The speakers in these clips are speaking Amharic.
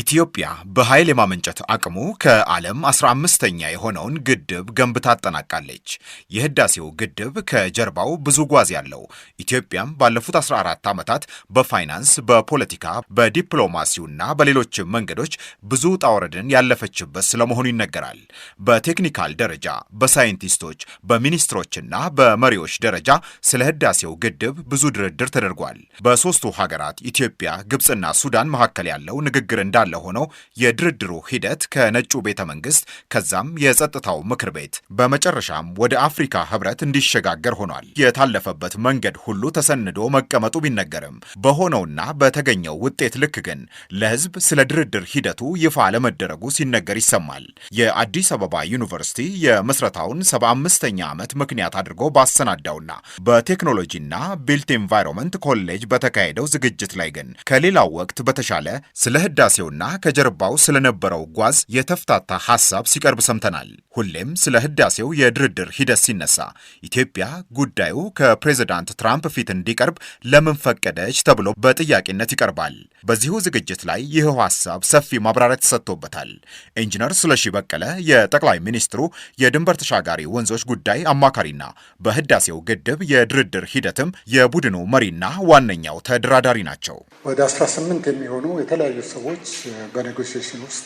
ኢትዮጵያ በኃይል የማመንጨት አቅሙ ከዓለም 15ተኛ የሆነውን ግድብ ገንብታ አጠናቃለች። የህዳሴው ግድብ ከጀርባው ብዙ ጓዝ ያለው ኢትዮጵያም ባለፉት 14 ዓመታት በፋይናንስ፣ በፖለቲካ፣ በዲፕሎማሲውና በሌሎችም መንገዶች ብዙ ጣውረድን ያለፈችበት ስለመሆኑ ይነገራል። በቴክኒካል ደረጃ በሳይንቲስቶች በሚኒስትሮችና በመሪዎች ደረጃ ስለ ህዳሴው ግድብ ብዙ ድርድር ተደርጓል። በሦስቱ ሀገራት ኢትዮጵያ፣ ግብፅና ሱዳን መካከል ያለው ንግግር እንዳ እንዳለ ሆነው የድርድሩ ሂደት ከነጩ ቤተ መንግስት ከዛም የጸጥታው ምክር ቤት በመጨረሻም ወደ አፍሪካ ህብረት እንዲሸጋገር ሆኗል። የታለፈበት መንገድ ሁሉ ተሰንዶ መቀመጡ ቢነገርም በሆነውና በተገኘው ውጤት ልክ ግን ለህዝብ ስለ ድርድር ሂደቱ ይፋ ለመደረጉ ሲነገር ይሰማል። የአዲስ አበባ ዩኒቨርሲቲ የምስረታውን 75ኛ ዓመት ምክንያት አድርጎ ባሰናዳውና በቴክኖሎጂና ቢልት ኤንቫይሮንመንት ኮሌጅ በተካሄደው ዝግጅት ላይ ግን ከሌላው ወቅት በተሻለ ስለ ህዳሴው ስላለውና ከጀርባው ስለነበረው ጓዝ የተፍታታ ሐሳብ ሲቀርብ ሰምተናል። ሁሌም ስለ ህዳሴው የድርድር ሂደት ሲነሳ ኢትዮጵያ ጉዳዩ ከፕሬዝዳንት ትራምፕ ፊት እንዲቀርብ ለምን ፈቀደች ተብሎ በጥያቄነት ይቀርባል። በዚሁ ዝግጅት ላይ ይህው ሐሳብ ሰፊ ማብራሪያ ተሰጥቶበታል። ኢንጂነር ስለሺ በቀለ የጠቅላይ ሚኒስትሩ የድንበር ተሻጋሪ ወንዞች ጉዳይ አማካሪና በህዳሴው ግድብ የድርድር ሂደትም የቡድኑ መሪና ዋነኛው ተደራዳሪ ናቸው። ወደ 18 የሚሆኑ የተለያዩ ሰዎች በኔጎሲዬሽን ውስጥ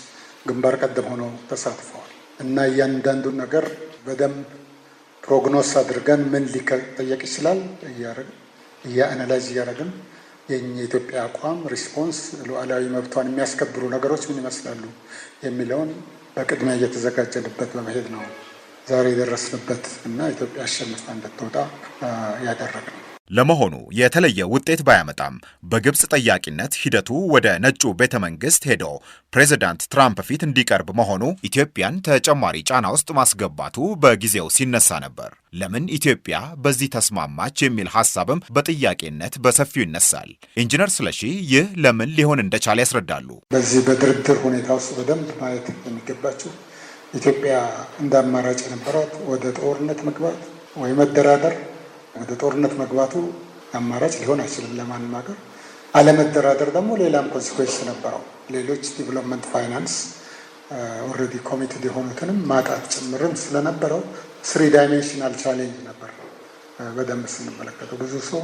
ግንባር ቀደም ሆነው ተሳትፈዋል እና እያንዳንዱን ነገር በደንብ ፕሮግኖስ አድርገን ምን ሊጠየቅ ይችላል እያአናላይዝ እያደረግን የኢትዮጵያ አቋም፣ ሪስፖንስ፣ ሉዓላዊ መብቷን የሚያስከብሩ ነገሮች ምን ይመስላሉ የሚለውን በቅድሚያ እየተዘጋጀንበት በመሄድ ነው ዛሬ የደረስንበት እና ኢትዮጵያ አሸንፋ እንድትወጣ ነው። ለመሆኑ የተለየ ውጤት ባያመጣም በግብፅ ጠያቂነት ሂደቱ ወደ ነጩ ቤተ መንግስት ሄዶ ፕሬዚዳንት ትራምፕ ፊት እንዲቀርብ መሆኑ ኢትዮጵያን ተጨማሪ ጫና ውስጥ ማስገባቱ በጊዜው ሲነሳ ነበር። ለምን ኢትዮጵያ በዚህ ተስማማች የሚል ሐሳብም በጥያቄነት በሰፊው ይነሳል። ኢንጂነር ስለሺ ይህ ለምን ሊሆን እንደቻለ ያስረዳሉ። በዚህ በድርድር ሁኔታ ውስጥ በደንብ ማየት የሚገባቸው ኢትዮጵያ እንደ አማራጭ የነበራት ወደ ጦርነት መግባት ወይ መደራደር ወደ ጦርነት መግባቱ አማራጭ ሊሆን አይችልም ለማንም ሀገር። አለመደራደር ደግሞ ሌላም ኮንሲኮንስ ነበረው። ሌሎች ዲቨሎፕመንት ፋይናንስ ኦልሬዲ ኮሚትድ የሆኑትንም ማጣት ጭምርም ስለነበረው ስሪ ዳይሜንሽናል ቻሌንጅ ነበር። በደንብ ስንመለከተው ብዙ ሰው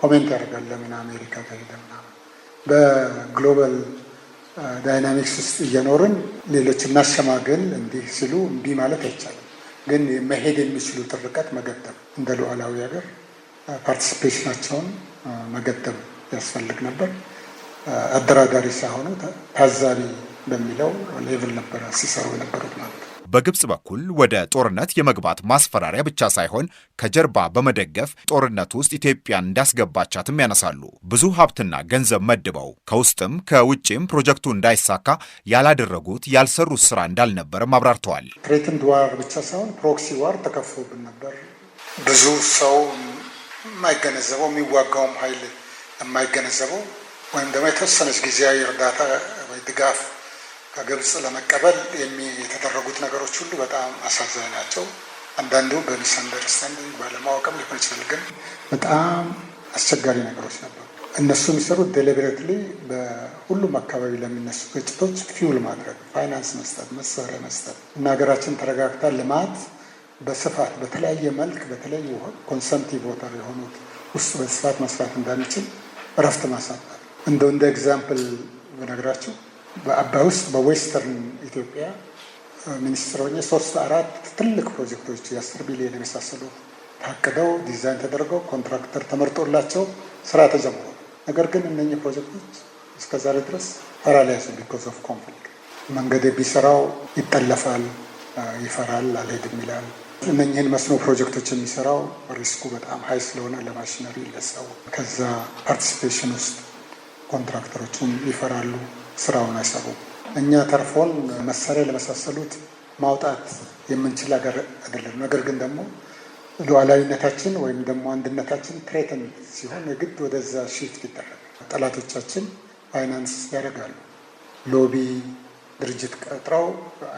ኮሜንት ያደርጋል ለምን አሜሪካ ከሄደ ምናምን። በግሎባል ዳይናሚክስ ውስጥ እየኖርን ሌሎች እናሸማግል እንዲህ ሲሉ እምቢ ማለት አይቻልም። ግን መሄድ የሚችሉት ርቀት መገደብ እንደ ሉዓላዊ ሀገር ፓርቲስፔሽናቸውን መገደብ ያስፈልግ ነበር። አደራዳሪ ሳይሆኑ ታዛቢ በሚለው ሌቭል ነበረ ሲሰሩ የነበሩት ማለት ነው። በግብፅ በኩል ወደ ጦርነት የመግባት ማስፈራሪያ ብቻ ሳይሆን ከጀርባ በመደገፍ ጦርነት ውስጥ ኢትዮጵያን እንዳስገባቻትም ያነሳሉ። ብዙ ሀብትና ገንዘብ መድበው ከውስጥም ከውጭም ፕሮጀክቱ እንዳይሳካ ያላደረጉት ያልሰሩት ስራ እንዳልነበርም አብራርተዋል። ትሬትንድ ዋር ብቻ ሳይሆን ፕሮክሲ ዋር ተከፍቶብን ነበር። ብዙ ሰው የማይገነዘበው የሚዋጋውም ኃይል የማይገነዘበው ወይም ደግሞ የተወሰነች ጊዜያዊ እርዳታ ወይ ድጋፍ ከግብጽ ለመቀበል የተደረጉት ነገሮች ሁሉ በጣም አሳዛኝ ናቸው። አንዳንዱ በሚስ ባለማወቅም ሊሆን ይችላል። ግን በጣም አስቸጋሪ ነገሮች ነበሩ። እነሱ የሚሰሩት ዴሊበሬትሊ በሁሉም አካባቢ ለሚነሱ ግጭቶች ፊውል ማድረግ፣ ፋይናንስ መስጠት፣ መሳሪያ መስጠት እና ሀገራችን ተረጋግታ ልማት በስፋት በተለያየ መልክ በተለያየ ኮንሰምቲቭ ወተር የሆኑት ውስጥ በስፋት መስራት እንዳንችል እረፍት ማሳጣት እንደ እንደ ኤግዛምፕል ብነግራችሁ በአባይ ውስጥ በዌስተርን ኢትዮጵያ ሚኒስትር ሆኜ ሶስት አራት ትልቅ ፕሮጀክቶች የአስር ቢሊዮን የመሳሰሉ ታቅደው ዲዛይን ተደርገው ኮንትራክተር ተመርጦላቸው ስራ ተጀምሮ ነገር ግን እነኚህ ፕሮጀክቶች እስከዛሬ ድረስ ፓራላይዝ ቢኮዝ ኦፍ ኮንፍሊክት መንገድ ቢሰራው ይጠለፋል፣ ይፈራል፣ አልሄድም ይላል። እነኚህን መስኖ ፕሮጀክቶች የሚሰራው ሪስኩ በጣም ሀይ ስለሆነ ለማሽነሪ ለሰው ከዛ ፓርቲሲፔሽን ውስጥ ኮንትራክተሮቹም ይፈራሉ። ስራውን አይሰሩም። እኛ ተርፎን መሳሪያ ለመሳሰሉት ማውጣት የምንችል ሀገር አይደለም። ነገር ግን ደግሞ ሉዓላዊነታችን ወይም ደግሞ አንድነታችን ትሬትን ሲሆን የግድ ወደዛ ሺፍት ይደረጋል። ጠላቶቻችን ፋይናንስ ያደርጋሉ። ሎቢ ድርጅት ቀጥረው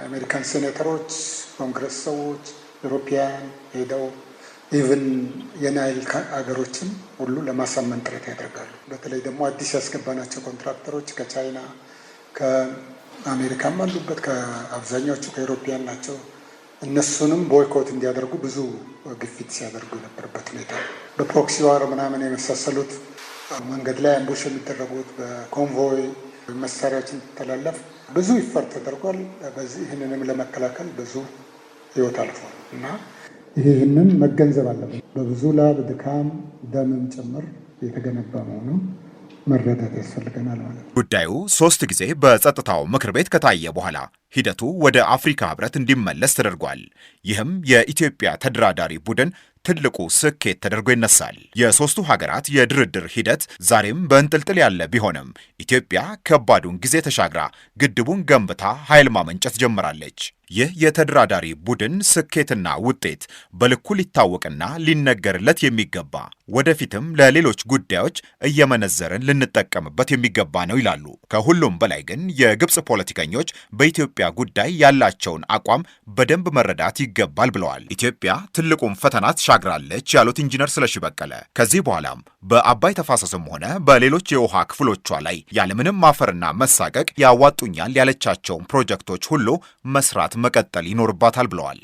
አሜሪካን ሴኔተሮች፣ ኮንግረስ ሰዎች፣ ኢሮፒያን ሄደው ኢቭን የናይል አገሮችን ሁሉ ለማሳመን ጥረት ያደርጋሉ። በተለይ ደግሞ አዲስ ያስገባናቸው ኮንትራክተሮች ከቻይና ከአሜሪካም አሉበት፣ ከአብዛኛዎቹ ከኢሮፒያን ናቸው። እነሱንም ቦይኮት እንዲያደርጉ ብዙ ግፊት ሲያደርጉ የነበርበት ሁኔታ በፕሮክሲ ዋር ምናምን የመሳሰሉት መንገድ ላይ አምቡሽ የሚደረጉት በኮንቮይ መሳሪያዎች ተላለፍ ብዙ ይፈር ተደርጓል። ይህንንም ለመከላከል ብዙ ህይወት አልፏል እና ይህንን መገንዘብ አለብን። በብዙ ላብ ድካም፣ ደምም ጭምር የተገነባ መሆኑ መረዳት ያስፈልገናል ማለት ነው። ጉዳዩ ሶስት ጊዜ በጸጥታው ምክር ቤት ከታየ በኋላ ሂደቱ ወደ አፍሪካ ህብረት እንዲመለስ ተደርጓል። ይህም የኢትዮጵያ ተደራዳሪ ቡድን ትልቁ ስኬት ተደርጎ ይነሳል። የሦስቱ ሀገራት የድርድር ሂደት ዛሬም በእንጥልጥል ያለ ቢሆንም ኢትዮጵያ ከባዱን ጊዜ ተሻግራ ግድቡን ገንብታ ኃይል ማመንጨት ጀምራለች። ይህ የተደራዳሪ ቡድን ስኬትና ውጤት በልኩ ሊታወቅና ሊነገርለት የሚገባ ወደፊትም ለሌሎች ጉዳዮች እየመነዘርን ልንጠቀምበት የሚገባ ነው ይላሉ። ከሁሉም በላይ ግን የግብፅ ፖለቲከኞች በኢትዮጵያ ጉዳይ ያላቸውን አቋም በደንብ መረዳት ይገባል ብለዋል። ኢትዮጵያ ትልቁን ፈተና ትሻግራለች ያሉት ኢንጂነር ስለሺ በቀለ ከዚህ በኋላም በአባይ ተፋሰስም ሆነ በሌሎች የውሃ ክፍሎቿ ላይ ያለምንም ማፈርና መሳቀቅ ያዋጡኛል ያለቻቸውን ፕሮጀክቶች ሁሉ መስራት መቀጠል ይኖርባታል ብለዋል።